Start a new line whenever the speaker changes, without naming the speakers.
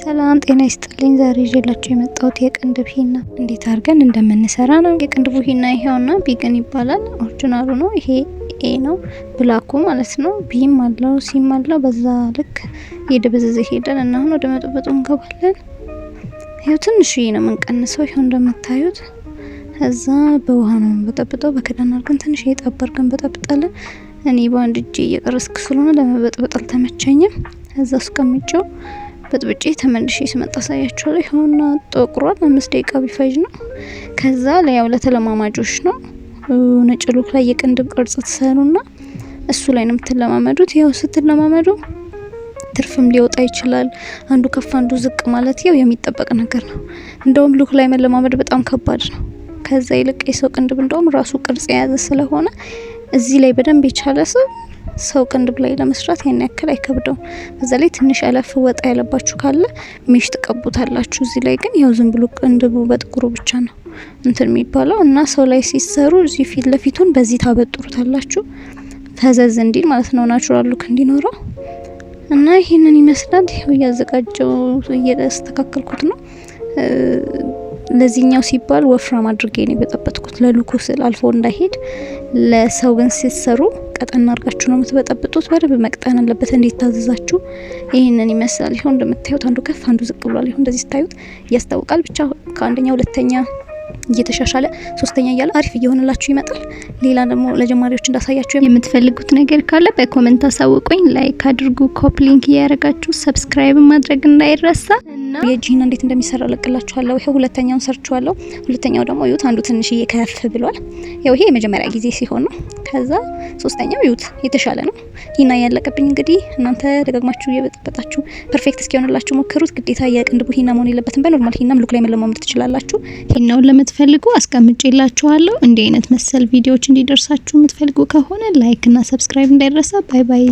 ሰላም ጤና ይስጥልኝ። ዛሬ ይዤላችሁ የመጣሁት የቅንድብ ሂና እንዴት አድርገን እንደምንሰራ ነው። የቅንድቡ ሂና ይሄውና ቢግን ይባላል። ኦሪጂናሉ ነው ይሄ ኤ ነው ብላኩ ማለት ነው። ቢም አለው ሲም አለው። በዛ ልክ እየደበዘዘ ሄደን እና አሁን ወደ መጠበጡ እንገባለን። ይኸው ትንሽዬ ነው የምንቀንሰው። ይኸው እንደምታዩት እዛ በውሃ ነው በጠብጠው በክዳን አድርገን ትንሽ የጠበር ግን በጠብጠለን። እኔ በአንድ እጄ እየቀረስክ ስለሆነ ለመበጥበጥ አልተመቸኝም። እዛ ውስጥ ቀምጬው በጥብጬ ተመልሼ ስመጣ ሳያችኋለሁ። ይኸውና ጠቁሯል። አምስት ደቂቃ ቢፈጅ ነው። ከዛ ላይ ያው ለተለማማጆች ነው። ነጭ ሉክ ላይ የቅንድብ ቅርጽ ትሰሩና እሱ ላይ ነው የምትለማመዱት። ያው ስትለማመዱ ትርፍም ሊወጣ ይችላል። አንዱ ከፍ አንዱ ዝቅ ማለት ያው የሚጠበቅ ነገር ነው። እንደውም ሉክ ላይ መለማመድ በጣም ከባድ ነው። ከዛ ይልቅ የሰው ቅንድብ እንደውም ራሱ ቅርጽ የያዘ ስለሆነ እዚህ ላይ በደንብ የቻለ ሰው ሰው ቅንድብ ላይ ለመስራት ያን ያክል አይከብደውም። በዛ ላይ ትንሽ አለፍ ወጣ ያለባችሁ ካለ ሜሽ ትቀቡታላችሁ። እዚህ ላይ ግን ያው ዝም ብሎ ቅንድቡ በጥቁሩ ብቻ ነው እንትን የሚባለው እና ሰው ላይ ሲሰሩ እዚህ ፊት ለፊቱን በዚህ ታበጥሩታላችሁ ፈዘዝ እንዲል ማለት ነው፣ ናቹራል ሉክ እንዲኖረው እና ይህንን ይመስላል። ይኸው እያዘጋጀው እያስተካከልኩት ነው። ለዚህኛው ሲባል ወፍራም አድርጌ ነው የበጠበጥኩት ለሉኩ ስል አልፎ እንዳይሄድ። ለሰው ግን ሲሰሩ ቀጠና አርጋችሁ ነው የምትበጠብጡት። በደንብ መቅጠን አለበት ታዘዛችሁ ይህንን ይመስላል። ይኸው እንደምታዩት አንዱ ከፍ አንዱ ዝቅ ብሏል። ይኸው እንደዚህ ስታዩት ያስታውቃል። ብቻ ከአንደኛ ሁለተኛ እየተሻሻለ ሶስተኛ እያለ አሪፍ እየሆነላችሁ ይመጣል። ሌላ ደግሞ ለጀማሪዎች እንዳሳያችሁ
የምትፈልጉት ነገር ካለ በኮመንት አሳውቁኝ። ላይክ አድርጉ፣ ኮፕ ሊንክ እያደረጋችሁ ሰብስክራይብ ማድረግ እንዳይረሳ እና የእጅህን እንዴት እንደሚሰራ ለቅላችኋለሁ። ይሄ ሁለተኛውን ሰርችኋለሁ። ሁለተኛው ደግሞ ዩት አንዱ ትንሽዬ ከፍ ብሏል። ያው ይሄ የመጀመሪያ ጊዜ ሲሆን ነው። ከዛ ሶስተኛው ዩት የተሻለ ነው። ይህና ያለቀብኝ እንግዲህ እናንተ ደጋግማችሁ እየበጠበጣችሁ ፐርፌክት እስኪሆንላችሁ ሞክሩት። ግዴታ የቅንድቡ ሂና መሆን የለበትም። በኖርማል ሂናም ሉክ ላይ መለማመድ ትችላላችሁ። ሂናውን ለመጥፋ የምትፈልጉ አስቀምጬላችኋለሁ። እንዲህ አይነት መሰል ቪዲዮዎች እንዲደርሳችሁ የምትፈልጉ ከሆነ ላይክ እና ሰብስክራይብ እንዳይረሳ። ባይ ባይ።